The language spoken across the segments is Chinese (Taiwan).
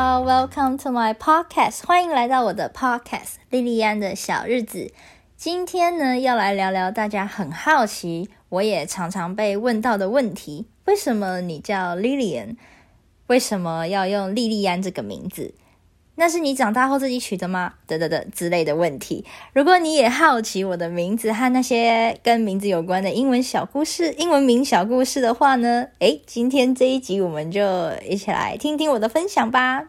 Hello, Welcome to my podcast. 歡迎來到我的 podcast《莉莉安的小日子》。今天呢，要來聊聊大家很好奇，我也常常被問到的問題：為什麼你叫莉莉安？為什麼要用莉莉安這個名字？那是你長大後自己取的嗎？等、等等之類的問題。如果你也好奇我的名字和那些跟名字有關的英文小故事、英文名小故事的話呢，誒、欸，今天這一集我們就一起來聽聽我的分享吧。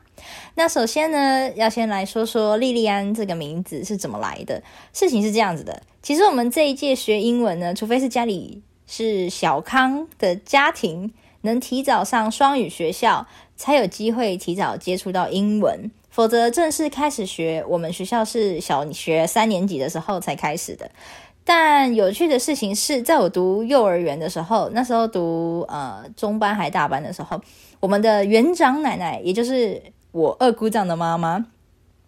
那首先呢，要先來說說莉莉安這個名字是怎麼來的。事情是這樣子的，其實我們這一屆學英文呢，除非是家裡是小康的家庭，能提早上雙語學校，才有機會提早接觸到英文。否則正式開始學，我們學校是小學三年級的時候才開始的。但有趣的事情是，在我讀幼兒園的時候，那時候讀呃中班還大班的時候，我們的園長奶奶，也就是我二姑丈的媽媽，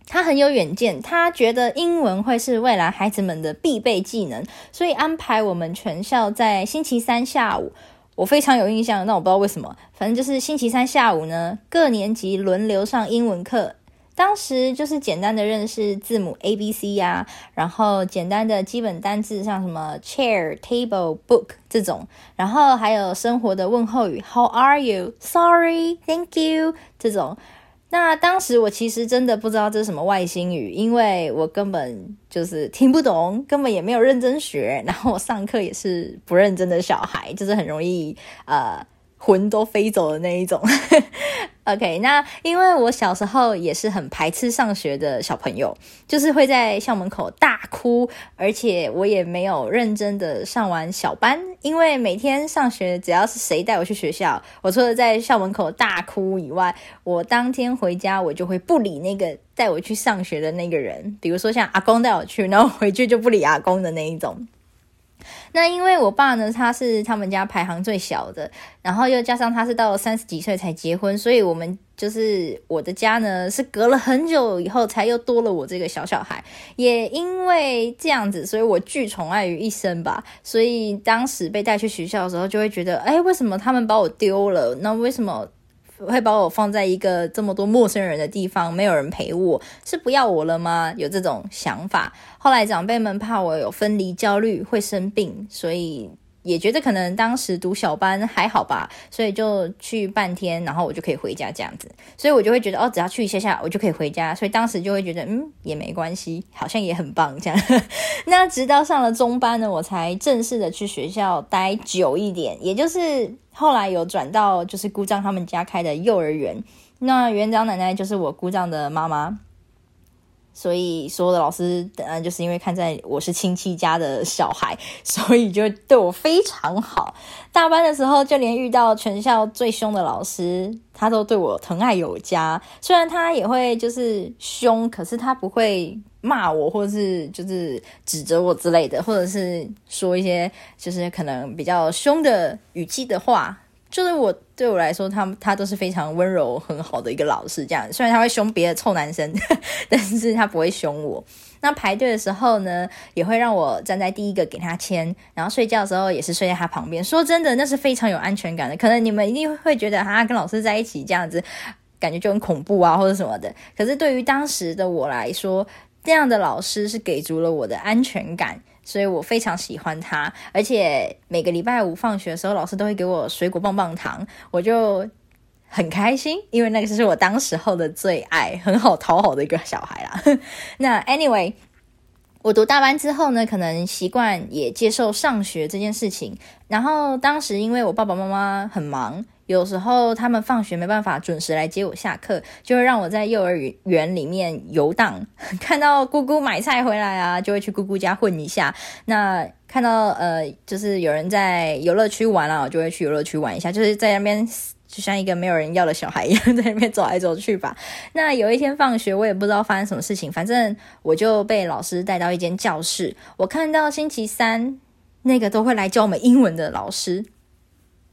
她很有遠見，她覺得英文會是未來孩子們的必備技能，所以安排我們全校在星期三下午，我非常有印象。那我不知道為什麼，反正就是星期三下午呢，各年級輪流上英文課。當時就是簡單的認識字母 A、B、C 呀、啊，然後簡單的基本單字，像什麼 chair、table、book 這種，然後還有生活的問候語，How are you？Sorry，Thank you 這種。那當時我其實真的不知道這是什麼外星語，因為我根本就是聽不懂，根本也沒有認真學，然後我上課也是不認真的小孩，就是很容易呃。魂都飛走的那一種。 OK，那因為我小時候也是很排斥上學的小朋友，就是會在校門口大哭，而且我也沒有認真的上完小班，因為每天上學只要是誰帶我去學校，我除了在校門口大哭以外，我當天回家我就會不理那個帶我去上學的那個人，比如說像阿公帶我去，然後回去就不理阿公的那一種。那因為我爸呢，他是他們家排行最小的，然後又加上他是到了三十幾歲才結婚，所以我們就是我的家呢是隔了很久以後才又多了我這個小小孩。也因為這樣子，所以我集寵愛於一身吧。所以當時被帶去學校的時候，就會覺得，哎、欸，為什麼他們把我丟了？那為什麼？會把我放在一個這麼多陌生人的地方，沒有人陪我，是不要我了嗎？有這種想法。後來長輩們怕我有分離焦慮，會生病，所以。也覺得可能當時讀小班還好吧，所以就去半天，然後我就可以回家這樣子，所以我就會覺得哦，只要去一下下，我就可以回家，所以當時就會覺得嗯，也沒關係，好像也很棒這樣。 那直到上了中班呢，我才正式的去學校待久一點，也就是後來有轉到就是姑丈他們家開的幼兒園，那園長奶奶就是我姑丈的媽媽。所以所有的，老師，嗯，就是因為看在我是親戚家的小孩，所以就對我非常好。大班的時候，就連遇到全校最兇的老師，他都對我疼愛有加。雖然他也會就是兇，可是他不會罵我，或者是就是指責我之類的，或者是說一些就是可能比較兇的語氣的話。就是我對我來說，他他都是非常溫柔很好的一個老師，這樣子。雖然他會凶別的臭男生，但是他不會凶我。那排隊的時候呢，也會讓我站在第一個給他簽，然後睡覺的時候也是睡在他旁邊。說真的，那是非常有安全感的。可能你們一定會覺得啊，跟老師在一起這樣子，感覺就很恐怖啊，或者什麼的。可是對於當時的我來說，這樣的老師是給足了我的安全感。所以我非常喜歡他，而且每個禮拜五放學的時候，老師都會給我水果棒棒糖，我就很開心，因為那個是我當時候的最愛，很好討好的一個小孩啦。 那 anyway，我讀大班之後呢，可能習慣也接受上學這件事情，然後當時因為我爸爸媽媽很忙。有時候他們放學沒辦法準時來接我下課，就會讓我在幼兒園裡面遊蕩。看到姑姑買菜回來啊，就會去姑姑家混一下。那看到呃，就是有人在遊樂區玩啊，我就會去遊樂區玩一下。就是在那邊，就像一個沒有人要的小孩一樣，在那邊走來走去吧。那有一天放學，我也不知道發生什麼事情，反正我就被老師帶到一間教室。我看到星期三，那個都會來教我們英文的老師。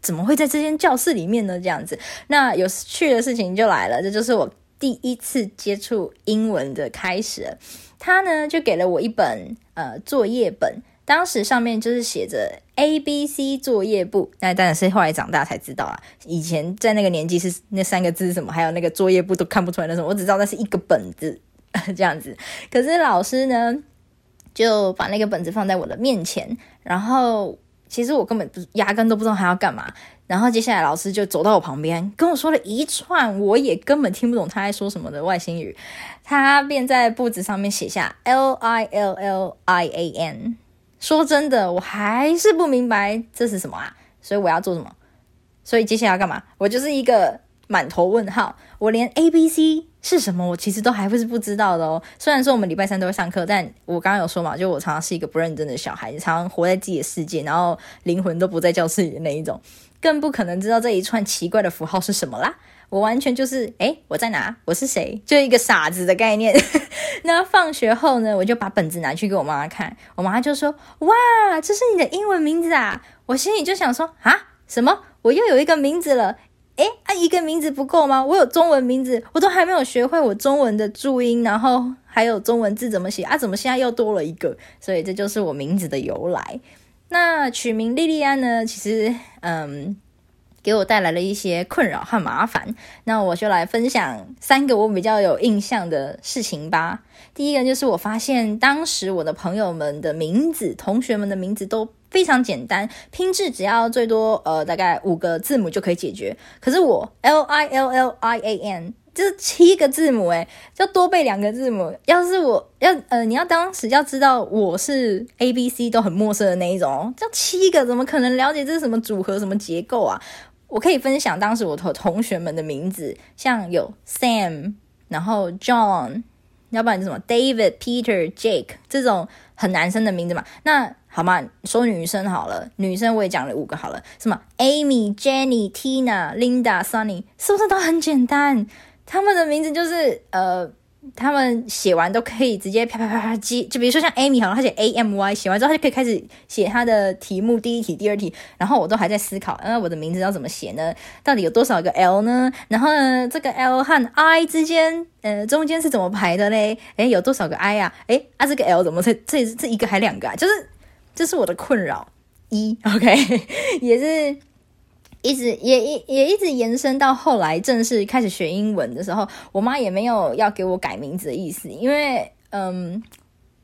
怎麼會在這間教室裡面呢？這樣子，那有趣的事情就來了。這就是我第一次接觸英文的開始了。他呢，就給了我一本呃作業本，當時上面就是寫着 “ABC 作業簿”。那當然是後來長大才知道啊，以前在那個年紀是那三個字什麼，還有那個作業簿都看不出來。那什麼，我只知道那是一個本子這樣子。可是老師呢，就把那個本子放在我的面前，然後。其實我根本壓根都不知道他要幹嘛，然後接下來老師就走到我旁邊跟我說了一串，我也根本聽不懂他在說什麼的外星語，他便在簿子上面寫下 L I L L I A N。說真的，我還是不明白這是什麼啊，所以我要做什麼？所以接下來要幹嘛？我就是一個。滿頭問號，我連 A B C 是什麼，我其實都還不是不知道的哦。雖然說我們禮拜三都會上課，但我剛剛有說嘛，就我常常是一個不認真的小孩子，常常活在自己的世界，然後靈魂都不在教室裡的那一種，更不可能知道這一串奇怪的符號是什麼啦。我完全就是，哎、欸，我在哪？我是誰？就一個傻子的概念。 那放學後呢，我就把本子拿去給我媽媽看，我媽就說：“哇，這是你的英文名字啊！”我心裡就想說：“啊，什麼？我又有一個名字了。”誒，啊，一個名字不夠嗎？我有中文名字，我都還沒有學會我中文的注音，然後還有中文字怎麼寫啊？怎麼現在又多了一個？所以這就是我名字的由來。那取名莉莉安呢？其實，嗯，給我帶來了一些困擾和麻煩。那我就來分享三個我比較有印象的事情吧。第一個就是我發現，當時我的朋友們的名字、同學們的名字都。非常簡單，拼字，只要最多呃，大概五個字母就可以解決。可是我 L I L L I A N 這七個字母誒、欸，就多背兩個字母。要是我要呃，你要當時要知道我是 A B C 都很陌生的那一種哦，這七個怎麼可能了解這是什麼組合什麼結構啊？我可以分享當時我同同學們的名字，像有 Sam，然後 John，要不然是什麼 David、Peter、Jake 這種很男生的名字嘛，那。好嗎？說女生好了，女生我也講了五個好了，什麼 Amy、Jenny、Tina、Linda、Sunny，是不是都很簡單？他們的名字就是呃，他們寫完都可以直接啪啪啪啪擊。就比如說像 Amy，好了，他寫 A M Y，寫完之後他就可以開始寫他的題目，第一題、第二題。然後我都還在思考，哎、呃，我的名字要怎麼寫呢？到底有多少個 L 呢？然後呢，這個 L 和 I 之間，呃，中間是怎麼排的嘞？誒、欸，有多少個 I 呀、啊？誒、欸，啊，這個 L 怎麼這這這一個還兩個啊？就是。這是我的困擾一，OK，也是一直也一也一直延伸到後來正式開始學英文的時候，我媽也沒有要給我改名字的意思，因為嗯，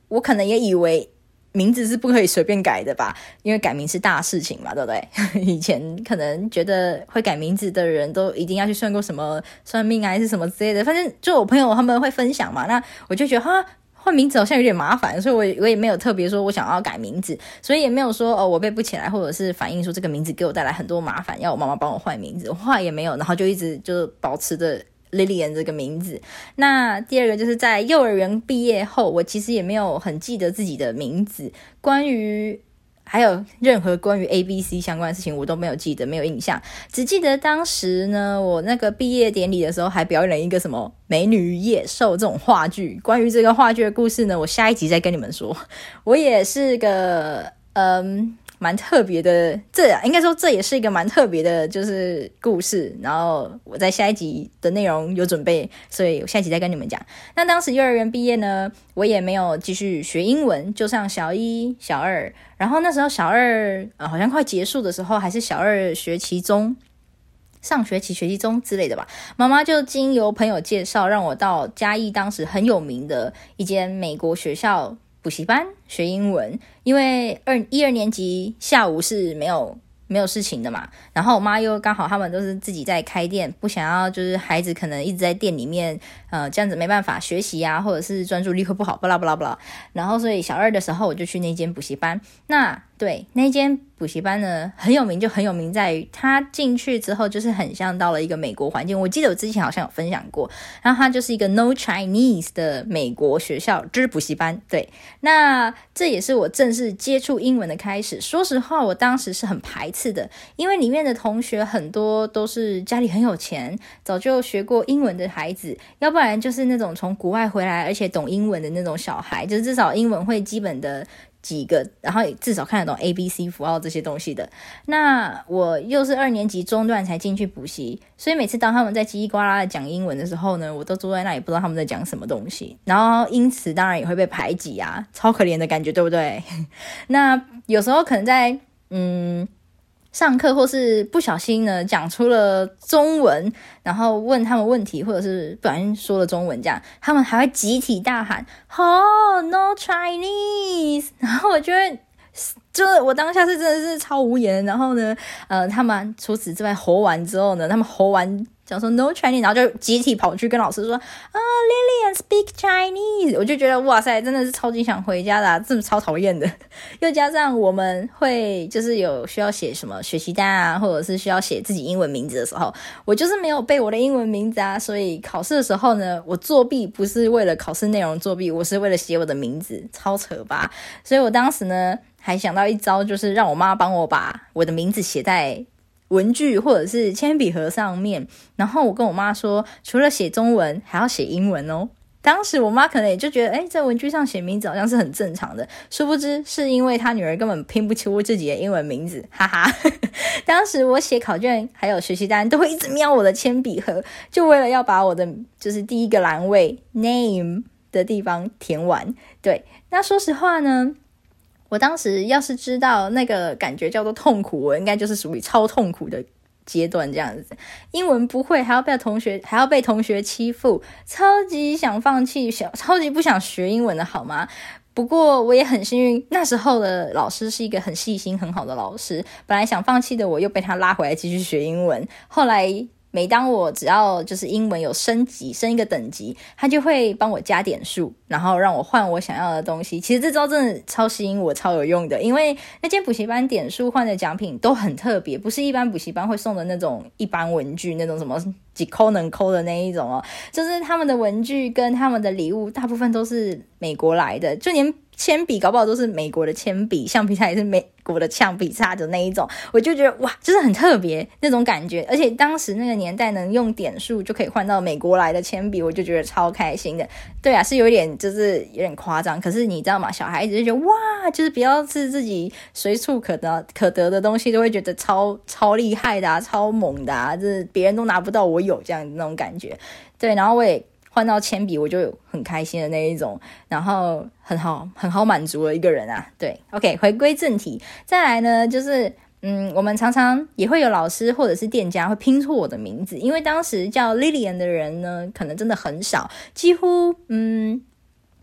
我可能也以為名字是不可以隨便改的吧，因為改名是大事情嘛，對不對？以前可能覺得會改名字的人都一定要去算過什麼算命啊，還是什麼之類的，反正就我朋友他們會分享嘛，那我就覺得哈。換名字好像有點麻煩，所以我也我也沒有特別說我想要改名字，所以也沒有說哦，我背不起來，或者是反映說這個名字給我帶來很多麻煩，要我媽媽幫我換名字，我話也沒有，然後就一直就保持着 Lillian 這個名字。那第二個就是在幼兒園畢業後，我其實也沒有很記得自己的名字。關於還有任何關於 ABC 相關的事情，我都沒有記得，沒有印象，只記得當時呢，我那個畢業典禮的時候，還表演了一個什麼《美女與野獸》這種話劇。關於這個話劇的故事呢，我下一集再跟你們說。我也是個，嗯。蠻特別的，這應該說這也是一個蠻特別的，就是故事。然後我在下一集的內容有準備，所以我下一集再跟你們講。那當時幼兒園畢業呢，我也沒有繼續學英文，就上小一、小二。然後那時候小二，呃、啊，好像快結束的時候，還是小二學期中，上學期學期中之類的吧。媽媽就經由朋友介紹，讓我到嘉義當時很有名的一間美國學校補習班學英文，因為二一二年級下午是沒有沒有事情的嘛，然後我媽又剛好他們都是自己在開店，不想要就是孩子可能一直在店裡面，呃，這樣子沒辦法學習啊，或者是專注力會不好，巴拉巴拉巴拉，然後所以小二的時候我就去那間補習班，那。對那間補習班呢，很有名，就很有名在於他進去之後就是很像到了一個美國環境。我記得我之前好像有分享過，然後他就是一個 No Chinese 的美國學校，之、就是、補習班。對，那這也是我正式接觸英文的開始。說實話，我當時是很排斥的，因為裡面的同學很多都是家裡很有錢，早就學過英文的孩子，要不然就是那種從國外回來而且懂英文的那種小孩，就是至少英文會基本的。幾個，然後也至少看得懂 ABC 符號這些東西的。那我又是二年級中段才進去補習，所以每次當他們在嘰裡呱啦的講英文的時候呢，我都坐在那裡不知道他們在講什麼東西，然後因此當然也會被排擠啊，超可憐的感覺，對不對？ 那有時候可能在，嗯，上課或是不小心呢講出了中文，然後問他們問題，或者是不小心說了中文這樣，他們還會集體大喊“哦、oh，no Chinese”，然後我覺得，就是我當下是真的是超無言。然後呢，呃，他們、啊、除此之外吼完之後呢，他們吼完。講說 no Chinese，然後就集體跑去跟老師說啊、oh, Lillian speak Chinese，我就覺得哇塞，真的是超級想回家的、啊，真的超討厭的。 又加上我們會就是有需要寫什麼學習單啊，或者是需要寫自己英文名字的時候，我就是沒有背我的英文名字，啊。所以考試的時候呢，我作弊不是為了考試內容作弊，我是為了寫我的名字，超扯吧。所以我當時呢還想到一招，就是讓我媽幫我把我的名字寫在。文具或者是鉛筆盒上面，然後我跟我媽說，除了寫中文，還要寫英文哦。當時我媽可能也就覺得，誒，在文具上寫名字好像是很正常的，殊不知是因為她女兒根本拼不起我自己的英文名字，哈哈。 當時我寫考卷還有學習單都會一直瞄我的鉛筆盒，就為了要把我的就是第一個欄位 name 的地方填完。對，那說實話呢，我當時要是知道那個感覺叫做痛苦，我應該就是屬於超痛苦的階段這樣子。英文不會，還要被同學還要被同學欺負，超級想放棄，想超級不想學英文的好嗎？不過我也很幸運，那時候的老師是一個很細心很好的老師。本來想放棄的我，又被他拉回來繼續學英文。後來。每當我只要就是英文有升級，升一個等級，他就會幫我加點數，然後讓我換我想要的東西。其實這招真的超吸引我、超有用的，因為那間補習班點數換的獎品都很特別，不是一般補習班會送的那種一般文具，那種什麼幾摳能摳的那一種哦、喔。就是他們的文具跟他們的禮物，大部分都是美國來的，就連。鉛筆搞不好都是美國的鉛筆，橡皮擦也是美國的橡皮擦的那一種，我就覺得哇，就是很特別那種感覺。而且當時那個年代能用點數就可以換到美國來的鉛筆，我就覺得超開心的。對啊，是有點就是有點誇張，可是你知道嗎？小孩子就覺得哇，就是不要是自己隨處可得可得的東西，都會覺得超超厲害的啊，超猛的啊，就是別人都拿不到我有這樣那種感覺。對，然後我也。換到鉛筆，我就很開心的那一種，然後很好很好滿足了。一個人啊。對，OK，回歸正題，再來呢，就是嗯，我們常常也會有老師或者是店家會拼錯我的名字，因為當時叫 Lillian 的人呢，可能真的很少，幾乎嗯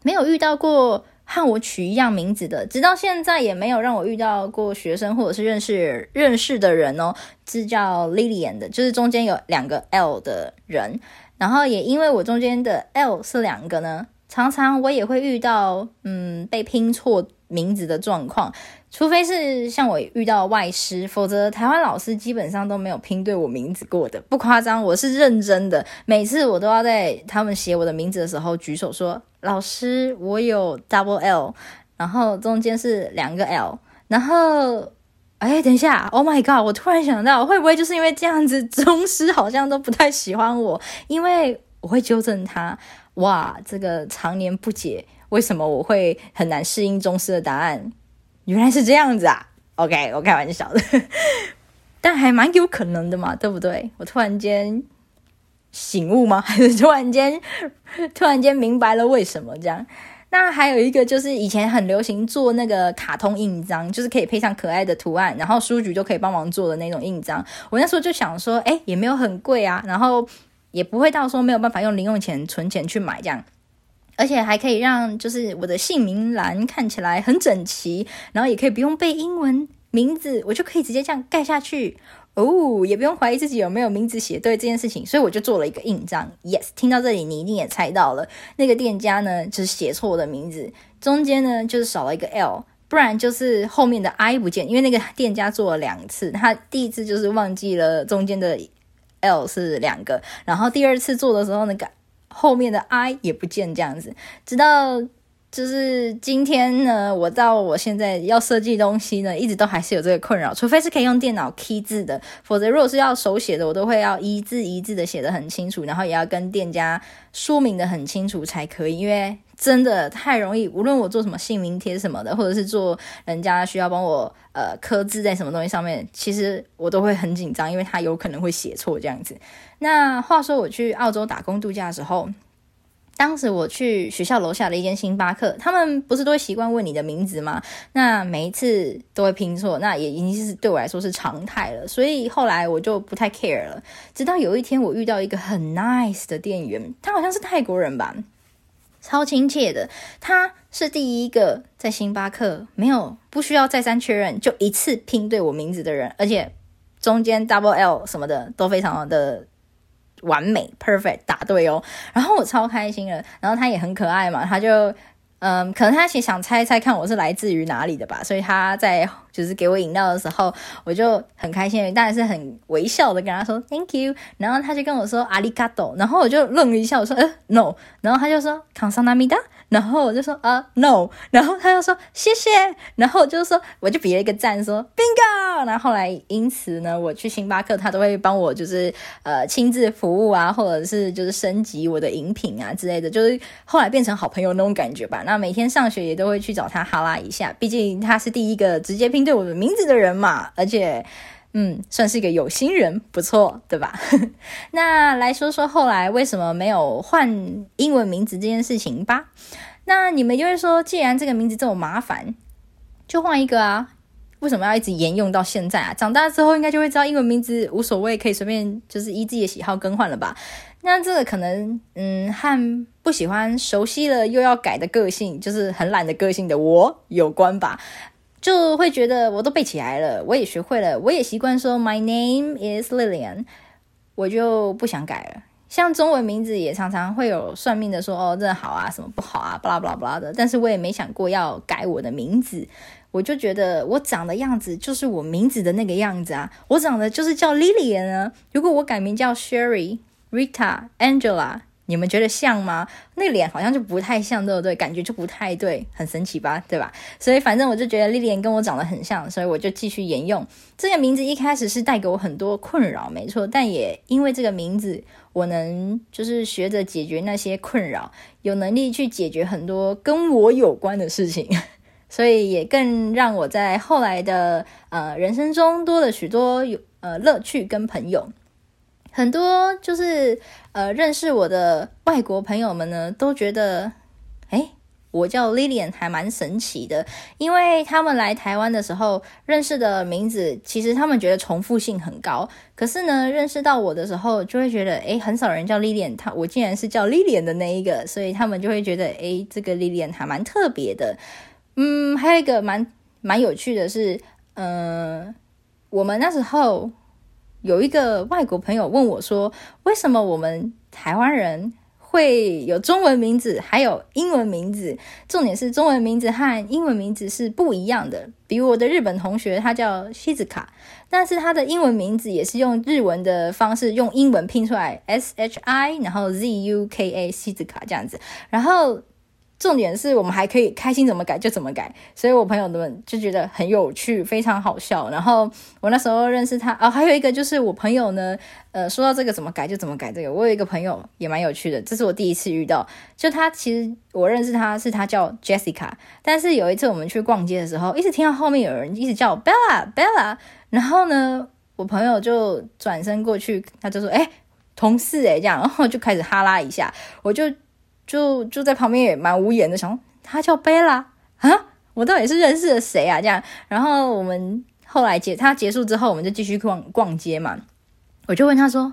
沒有遇到過和我取一樣名字的，直到現在也沒有讓我遇到過學生或者是認識認識的人哦、喔，是叫 Lillian 的，就是中間有兩個 L 的人。然後也因為我中間的 L 是兩個呢，常常我也會遇到嗯被拼錯名字的狀況。除非是像我遇到外師，否則台灣老師基本上都沒有拼對我名字過的，不誇張，我是認真的。每次我都要在他們寫我的名字的時候舉手說：“老師，我有 double L，然後中間是兩個 L。”然後。哎，等一下！Oh my god！我突然想到，會不會就是因為這樣子，宗師好像都不太喜歡我，因為我會糾正他。哇，這個常年不解為什麼我會很難適應宗師的答案，原來是這樣子啊！OK，我開玩笑的， 但還蠻有可能的嘛，對不對？我突然間醒悟嗎？還是突然間突然間明白了為什麼這樣？那還有一個就是以前很流行做那個卡通印章，就是可以配上可愛的圖案，然後書局就可以幫忙做的那種印章。我那時候就想說，誒、欸，也沒有很貴啊，然後也不會到說沒有辦法用零用錢存錢去買這樣，而且還可以讓就是我的姓名欄看起來很整齊，然後也可以不用背英文名字，我就可以直接這樣蓋下去。哦，也不用懷疑自己有沒有名字寫對這件事情，所以我就做了一個印章。Yes，聽到這裡，你一定也猜到了，那個店家呢，就是寫錯我的名字，中間呢就是少了一個 L，不然就是後面的 I 不見，因為那個店家做了兩次，他第一次就是忘記了中間的 L 是兩個，然後第二次做的時候，那個後面的 I 也不見，這樣子，直到。就是今天呢，我到我現在要設計東西呢，一直都還是有這個困擾，除非是可以用電腦 key 字的，否則如果是要手寫的，我都會要一字一字的寫的很清楚，然後也要跟店家說明的很清楚才可以，因為真的太容易，無論我做什麼姓名貼什麼的，或者是做人家需要幫我呃刻字在什麼東西上面，其實我都會很緊張，因為他有可能會寫錯這樣子。那話說我去澳洲打工度假的時候。當時我去學校樓下的一間星巴克，他們不是都會習慣問你的名字嗎？那每一次都會拼錯，那也已經是對我來說是常態了。所以後來我就不太 care 了。直到有一天，我遇到一個很 nice 的店員，他好像是泰國人吧，超親切的。他是第一個在星巴克沒有不需要再三確認就一次拼對我名字的人，而且中間 double L 什麼的都非常的。完美，perfect，答對哦，然後我超開心的，然後他也很可愛嘛，他就，嗯，可能他其實想猜一猜看我是來自於哪裡的吧，所以他在就是給我飲料的時候，我就很開心，當然是很微笑的跟他說 thank you，然後他就跟我說阿里嘎多，然後我就愣了一下，我說呃、eh? no，然後他就說康桑娜米達。然後我就說啊，no，然後他就說謝謝，然後就是說我就比了一個讚，說 bingo，然後後來因此呢，我去星巴克他都會幫我就是呃親自服務啊，或者是就是升級我的飲品啊之類的，就是後來變成好朋友那種感覺吧。那每天上學也都會去找他哈拉一下，畢竟他是第一個直接拼對我的名字的人嘛，而且。嗯，算是一個有心人，不錯，對吧？ 那來說說後來為什麼沒有換英文名字這件事情吧。那你們就會說，既然這個名字這麼麻煩，就換一個啊？為什麼要一直沿用到現在啊？長大之後應該就會知道，英文名字無所謂，可以隨便就是依自己的喜好更換了吧？那這個可能，嗯，和不喜歡熟悉了又要改的個性，就是很懶的個性的我有關吧。就會覺得我都背起來了，我也學會了，我也習慣說 My name is Lillian，我就不想改了。像中文名字也常常會有算命的說哦，這好啊，什麼不好啊，巴拉巴拉巴拉的。但是我也沒想過要改我的名字，我就覺得我長的樣子就是我名字的那個樣子啊，我長的就是叫 Lillian 啊。如果我改名叫 Sherry、Rita、Angela。你們覺得像嗎？那個臉好像就不太像，對不對？感覺就不太對，很神奇吧，對吧？所以反正我就覺得莉莉安跟我長得很像，所以我就繼續沿用。這個名字一開始是帶給我很多困擾，沒錯，但也因為這個名字，我能就是學着解決那些困擾，有能力去解決很多跟我有關的事情，所以也更讓我在後來的呃人生中多了許多有呃樂趣跟朋友。很多就是呃，認識我的外國朋友們呢，都覺得，哎、欸，我叫 Lillian 還蠻神奇的，因為他們來台灣的時候認識的名字，其實他們覺得重複性很高。可是呢，認識到我的時候，就會覺得，哎、欸，很少人叫 Lillian，他我竟然是叫 Lillian 的那一個，所以他們就會覺得，哎、欸，這個 Lillian 還蠻特別的。嗯，還有一個蠻蠻有趣的是，嗯、呃，我們那時候。有一個外國朋友問我說，說為什麼我們台灣人會有中文名字，還有英文名字？重點是中文名字和英文名字是不一樣的。比如我的日本同學，他叫西子卡，但是他的英文名字也是用日文的方式，用英文拼出來 S H I 然後 Z U K A 西子卡，這樣子，然後。重點是我們還可以開心怎麼改就怎麼改，所以我朋友們就覺得很有趣，非常好笑。然後我那時候認識他，啊、哦，還有一個就是我朋友呢，呃，說到這個怎麼改就怎麼改這個，我有一個朋友也蠻有趣的，這是我第一次遇到。就他其實我認識他是他叫 Jessica，但是有一次我們去逛街的時候，一直聽到後面有人一直叫我 Bella, Bella，然後呢，我朋友就轉身過去，他就說：“哎、欸，同事哎、欸、這樣。”然後就開始哈拉一下，我就。就就在旁邊也蠻無言的，想說他叫貝拉啊，我到底是認識了誰啊？這樣，然後我們後來結，他結束之後，我們就繼續逛逛街嘛，我就問他說。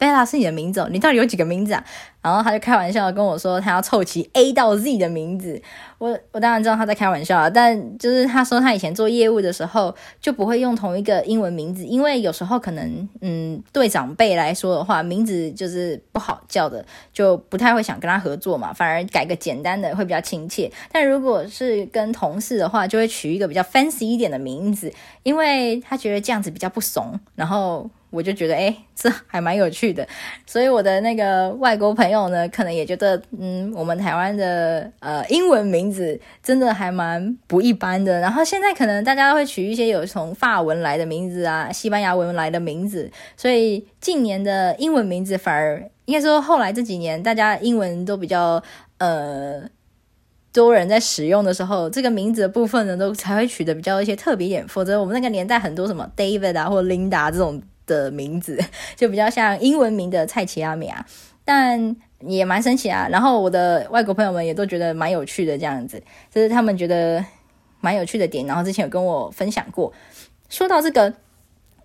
貝拉是你的名字哦，你到底有幾個名字啊？然後他就開玩笑跟我說他要湊齊 A 到 Z 的名字。我我當然知道他在開玩笑啊，但就是他說他以前做業務的時候就不會用同一個英文名字，因為有時候可能嗯對長輩來說的話，名字就是不好叫的，就不太會想跟他合作嘛，反而改個簡單的會比較親切。但如果是跟同事的話，就會取一個比較 fancy 一點的名字，因為他覺得這樣子比較不慫，然後。我就覺得，哎、欸，這還蠻有趣的。所以我的那個外國朋友呢，可能也覺得，嗯，我們台灣的呃英文名字真的還蠻不一般的。然後現在可能大家會取一些有從法文來的名字啊，西班牙文來的名字。所以近年的英文名字反而應該說，後來這幾年大家英文都比較呃多人在使用的時候，這個名字的部分呢，都才會取得比較一些特別一點。否則我們那個年代很多什麼 David 啊，或 Linda 這種。的名字就比較像英文名的蔡奇阿米啊，但也蠻神奇啊。然後我的外國朋友們也都覺得蠻有趣的這樣子，這、就是他們覺得蠻有趣的點。然後之前有跟我分享過。說到這個，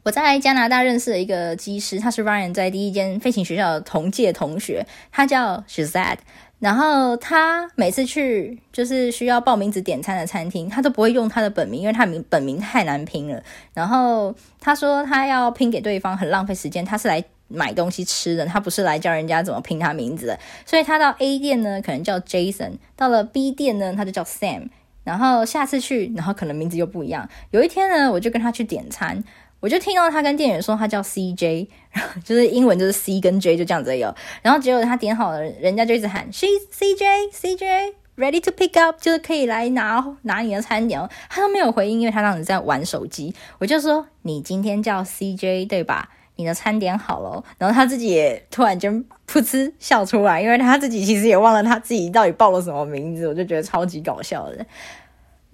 我在加拿大認識的一個機師，他是 Ryan 在第一間飛行學校的同屆同學，他叫 Shazad。然後他每次去就是需要報名字點餐的餐廳，他都不會用他的本名，因為他名本名太難拼了。然後他說他要拼給對方很浪費時間，他是來買東西吃的，他不是來教人家怎麼拼他名字的。所以他到 A 店呢，可能叫 Jason，到了 B 店呢他就叫 Sam。然後下次去，然後可能名字又不一樣。有一天呢，我就跟他去點餐。我就聽到他跟店員說他叫 CJ，然後就是英文就是 C 跟 J 就這樣子有喔，然後結果他點好了，人,人家就一直喊 C CJ CJ ready to pick up，就是可以來拿拿你的餐點哦。他都沒有回應，因為他當時在玩手機。我就說你今天叫 CJ 對吧？你的餐點好了。然後他自己也突然間噗嗤笑出來，因為他自己其實也忘了他自己到底報了什麼名字。我就覺得超級搞笑的。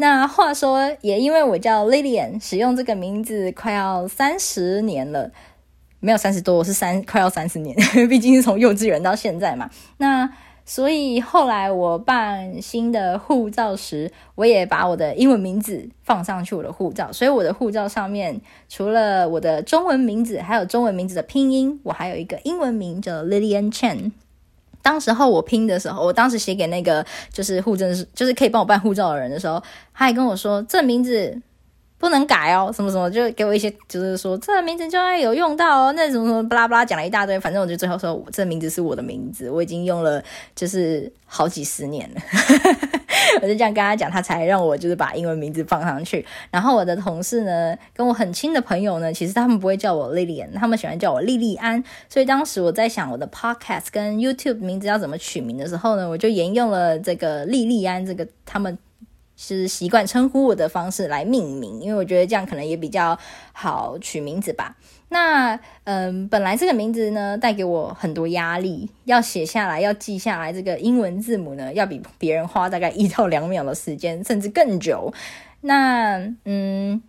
那話說，也因為我叫 Lillian，使用這個名字快要三十年了，沒有三十多，我是三，快要三十年，畢竟是從幼稚園到現在嘛。那所以後來我辦新的護照時，我也把我的英文名字放上去我的護照，所以我的護照上面除了我的中文名字，還有中文名字的拼音，我還有一個英文名叫 Lillian Chen。當時候我拼的時候，我當時寫給那個就是護證，就是可以幫我辦護照的人的時候，他還跟我說這名字。不能改哦，什麼什麼就給我一些，就是說這名字就愛有用到哦，那什麼什麼巴拉巴拉講了一大堆，反正我就最後說我這名字是我的名字，我已經用了就是好幾十年了， 我就這樣跟他講，他才讓我就是把英文名字放上去。然後我的同事呢，跟我很親的朋友呢，其實他們不會叫我 Lillian，他們喜歡叫我莉莉安，所以當時我在想我的 Podcast 跟 YouTube 名字要怎麼取名的時候呢，我就沿用了這個莉莉安這個他們。是習慣稱呼我的方式來命名，因為我覺得這樣可能也比較好取名字吧。那嗯，呃，本來這個名字呢，帶給我很多壓力，要寫下來，要記下來。這個英文字母呢，要比別人花大概一到兩秒的時間，甚至更久。那嗯，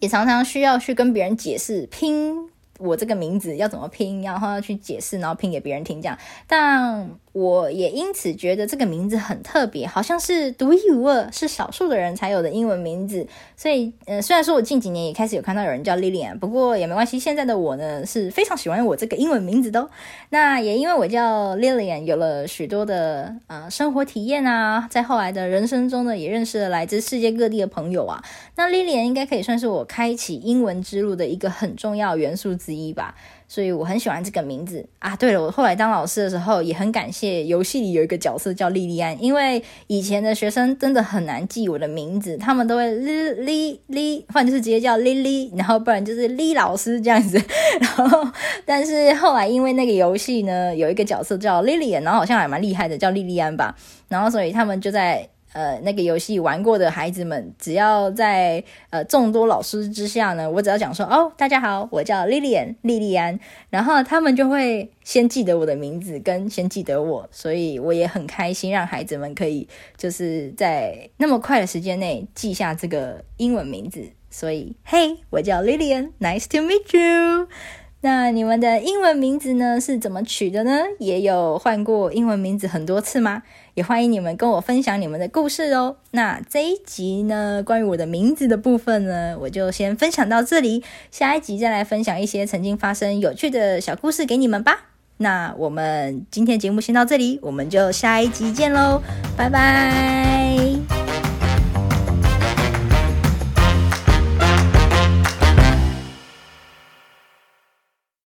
也常常需要去跟別人解釋拼我這個名字要怎麼拼，然後要去解釋，然後拼給別人聽這樣。但我也因此覺得這個名字很特別，好像是獨一無二，是少數的人才有的英文名字。所以，呃，雖然說我近幾年也開始有看到有人叫 Lillian，不過也沒關係。現在的我呢，是非常喜歡我這個英文名字的哦。那也因為我叫 Lillian，有了許多的呃生活體驗啊，在後來的人生中呢，也認識了來自世界各地的朋友啊。那 Lillian 應該可以算是我開啟英文之路的一個很重要元素之一吧。所以我很喜歡這個名字啊！對了，我後來當老師的時候也很感謝遊戲裡有一個角色叫莉莉安，因為以前的學生真的很難記我的名字，他們都會莉莉莉，反正就是直接叫莉莉，然後不然就是麗老師這樣子。然後，但是後來因為那個遊戲呢，有一個角色叫莉莉，然後好像還蠻厲害的，叫莉莉安吧。然後，所以他們就在。呃，那個遊戲玩過的孩子們，只要在呃眾多老師之下呢，我只要講說哦，大家好，我叫 Lillian，莉莉安，然後他們就會先記得我的名字，跟先記得我，所以我也很開心，讓孩子們可以就是在那麼快的時間內記下這個英文名字。所以，Hey，我叫 Lillian，Nice to meet you。那你們的英文名字呢是怎麼取的呢？也有換過英文名字很多次嗎？也歡迎你們跟我分享你們的故事哦。那這一集呢，關於我的名字的部分呢，我就先分享到這裡。下一集再來分享一些曾經發生有趣的小故事給你們吧。那我們今天節目先到這裡，我們就下一集見嘍，拜拜。